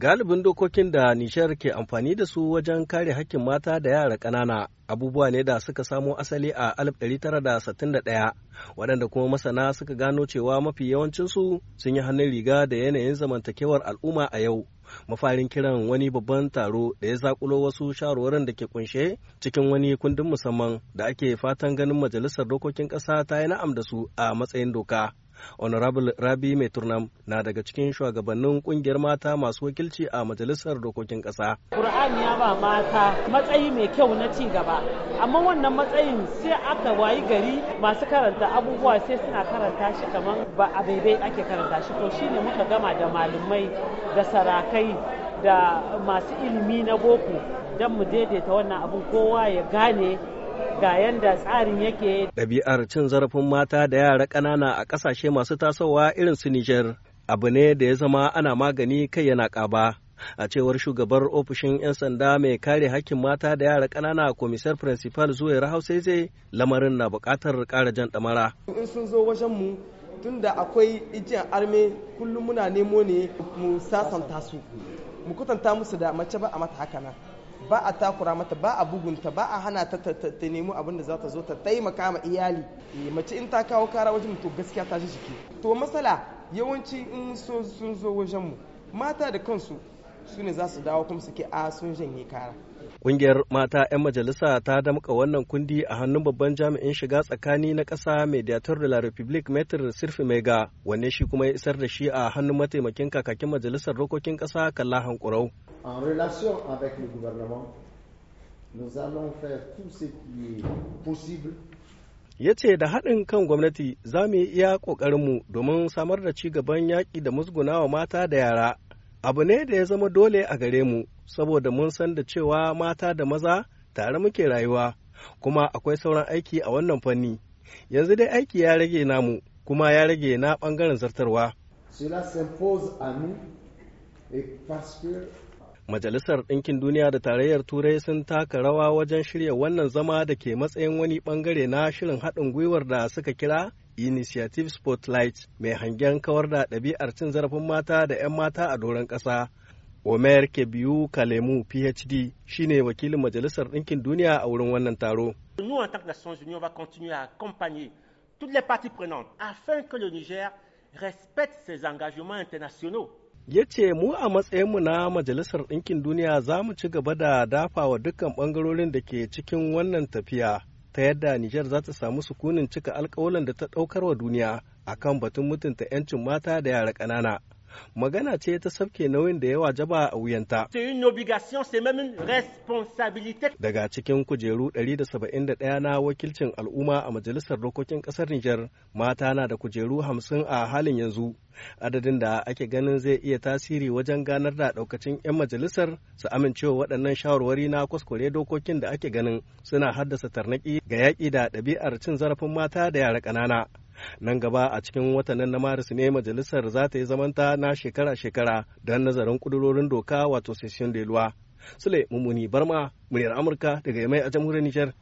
Galibin dokokin da Nishar ke amfani da su wajen kare hakkin mata da yara ƙanana abubuwa ne da suka samo asali a 1961 waɗanda kuma masana suka gano cewa mafi yawancinsu sun yi hannun riga da yanayin zamantakewar al'umma a yau mafarin kiran wani babban taro da ya zakulo wasu shawarwarin da ke kunshe cikin wani kundin musamman da ake fatan ganin majalisar dokokin ƙasa ta yi na'am da su a matsayin doka Honorable Rabi Mai Turnam na daga cikin shugabannin kungiyar mata masu wakilci a majalisar dokokin kasa. Ƙur'ani ya ba mata matsayi mai kyau na ci gaba, amma wannan matsayin sai aka wayi gari masu karanta abubuwa sai suna karanta shi kamar ba a baibai ake karanta shi ko shine muka gama da malumai da sarakai da masu ilimi na boko don mu daidaita wannan abu kowa ya gane ga yanda tsarin yake. Ɗabi'ar cin zarafin mata da yara ƙanana a ƙasashe masu tasowa irin su Nijar abu ne da ya zama ana magani kai yana ƙaba. A cewar shugabar ofishin 'yan sanda mai kare hakkin mata da yara ƙanana komisar principal zuwa zai lamarin na buƙatar ƙara jan ɗamara. In sun zo wajen mu tunda akwai ijiyar arme kullum muna nemo ne mu sasanta su mu kutanta musu da mace ba a mata haka nan ba a takura mata ba a bugunta ba a hana ta ta nemi abin da za ta zo ta taimaka ma iyali eh, mace in ta kawo kara wajen to gaskiya ta shi to matsala yawanci in sun zo wajen mu mata da kansu su ne za su dawo kuma suke a sun janye kara Ƙungiyar mata 'yan majalisa ta damƙa wannan kundi a hannun babban jami'in shiga tsakani na ƙasa mediator de la republique metr sirfi mega wanne shi kuma ya isar da shi a hannun mataimakin kakakin majalisar rokokin ƙasa kalla hankurau. En relation avec le gouvernement, nous allons faire tout ce qui est possible ya ce da haɗin kan gwamnati za mu yi iya ƙoƙarinmu domin samar da ci gaban yaƙi da musgunawa mata da yara abu ne da ya zama dole a gare mu saboda mun san da cewa mata da maza tare muke rayuwa kuma akwai sauran aiki a wannan fanni yanzu dai aiki ya rage namu kuma ya rage na bangaren zartarwa Majalisar Ɗinkin Duniya da Tarayyar Turai sun taka rawa wajen shirya wannan zama da ke matsayin wani ɓangare na shirin haɗin gwiwar da suka kira Initiative Spotlight mai hangen kawar da ɗabi'ar cin zarafin mata da 'yan mata a doron ƙasa. Omer Kebiyu Kalemu PhD shine wakilin Majalisar Ɗinkin Duniya a wurin wannan taro. Niger respecte ses engagements internationaux. ya ce mu a matsayinmu na majalisar ɗinkin duniya za mu ci gaba da dafawa dukkan ɓangarorin da ke cikin wannan tafiya ta yadda Nijar za ta samu sukunin cika alkawalan da ta ɗaukar wa duniya akan batun mutunta 'yancin mata da yara ƙanana. magana ce ta sabke nauyin da yawa jaba a wuyanta. Daga cikin kujeru 171 na wakilcin al'umma a Majalisar Dokokin kasar Nijar, mata na da kujeru 50 a halin yanzu. Adadin da ake ganin zai iya tasiri wajen ganar da daukacin 'yan majalisar su amincewa waɗannan shawarwari na kwaskware dokokin da ake ganin suna haddasa tarnaki ga yaƙi da ɗabi'ar cin zarafin mata da yara ƙanana. nan gaba a cikin watannin na maris ne majalisar za ta yi zamanta na shekara-shekara don nazarin kudurorin doka wato session de loi sule mummuni barma muryar amurka daga yamai a jamhuriyar nijar